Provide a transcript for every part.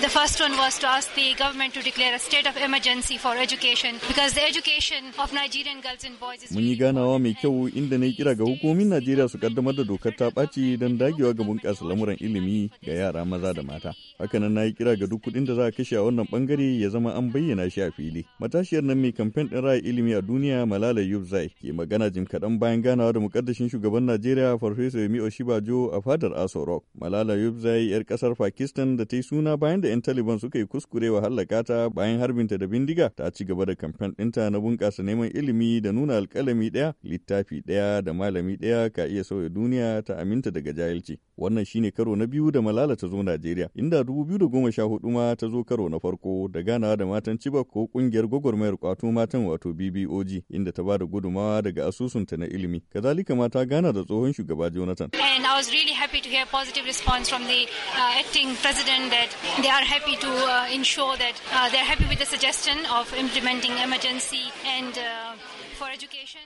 The first one was to ask the government to declare a state of emergency for education because the education of Nigerian girls and boys is Mun yi ganawa mai kyau inda na yi kira ga hukumomin Najeriya su kaddamar da dokar ta ɓaci don dagewa ga bunƙasa lamuran ilimi ga yara maza da mata. Hakanan na yi kira ga duk kuɗin da za a kashe a wannan bangare ya zama an bayyana shi a fili. Matashiyar nan mai kamfen ɗin ra'ayi ilimi a duniya Malala Yousafzai ke magana jim kaɗan bayan ganawa da mukaddashin shugaban Najeriya Farfesa Yemi Oshibajo a fadar Aso Rock. Malala Yousafzai 'yar ƙasar Pakistan da ta yi suna bayan da da 'yan Taliban suka yi kuskurewa hallaka ta bayan harbinta da bindiga ta ci gaba da kamfen ɗinta na bunƙasa neman ilimi da nuna alƙalami ɗaya, littafi ɗaya da malami ɗaya ka iya sauya duniya ta aminta daga jahilci. Wannan shine karo na biyu da Malala ta zo Najeriya, inda dubu goma hudu ma ta zo karo na farko da ganawa da matan Chibok ko ƙungiyar gwagwarmayar kwato matan wato BBOG, inda ta ba da gudumawa daga asusunta na ilimi. Kazalika ma ta gana da tsohon shugaba Jonathan. And I was really happy to hear positive response from the uh, acting president that they are happy to uh, ensure that uh, they are happy with the suggestion of implementing emergency and uh,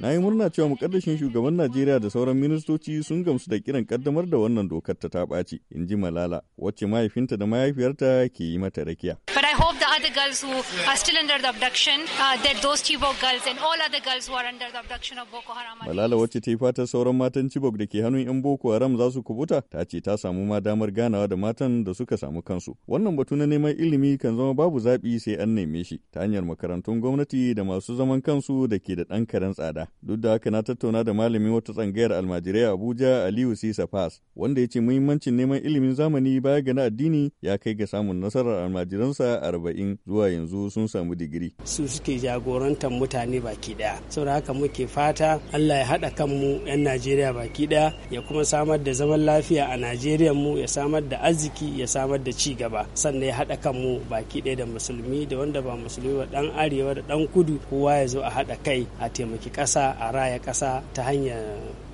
Na yi murna cewa mukaddashin shugaban Najeriya da sauran ministoci sun gamsu da kiran kaddamar da wannan dokar ta ta ɓaci, in ji Malala, wacce mahaifinta da mahaifiyarta ke yi mata rakiya. I hope the other girls who are still under the abduction, uh, that those Chibok girls and all other girls who are under the abduction of Boko Haram. Malala wacce ta yi fata sauran matan Chibok da ke hannun 'yan Boko Haram za su kubuta, ta ce ta samu ma damar ganawa da matan da suka samu kansu. Wannan batu na neman ilimi kan zama babu zaɓi sai an neme shi ta hanyar makarantun gwamnati da masu zaman kansu da ke da ɗan karen tsada. Duk da haka na tattauna da malami wata tsangayar almajirai Abuja Aliyu Sisa Pass, wanda ya ce muhimmancin neman ilimin zamani baya ga na addini ya kai ga samun nasarar almajiransa arba'in zuwa yanzu sun samu digiri. Su suke jagorantar mutane baki daya. Saboda haka muke fata Allah ya haɗa kanmu 'yan Najeriya baki daya ya kuma samar da zaman lafiya a Najeriya mu ya samar da arziki ya samar da ci gaba sannan ya haɗa kanmu baki daya da musulmi da wanda ba musulmi ba dan arewa da dan kudu kowa ya zo a haɗa kai a taimaki ƙasa a raya ƙasa ta hanyar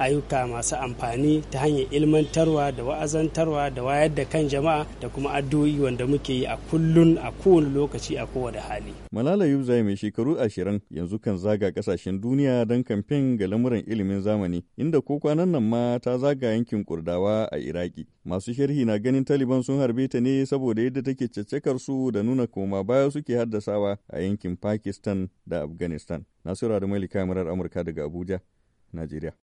ayyuka masu amfani ta hanyar ilmantarwa da wa'azantarwa da wayar da kan jama'a da kuma addu'o'i wanda muke yi a kullun a kowane lokaci a kowane hali. Malala Yubzai mai shekaru ashirin yanzu kan zaga kasashen duniya don kamfen ga lamuran ilimin zamani inda ko kwanan nan ma ta zaga yankin kurdawa a Iraki. Masu sharhi na ganin Taliban sun harbe ta ne saboda yadda take caccakar su da nuna koma baya suke haddasawa a yankin Pakistan da Afghanistan. Nasiru Adamali kamarar Amurka daga Abuja, Najeriya.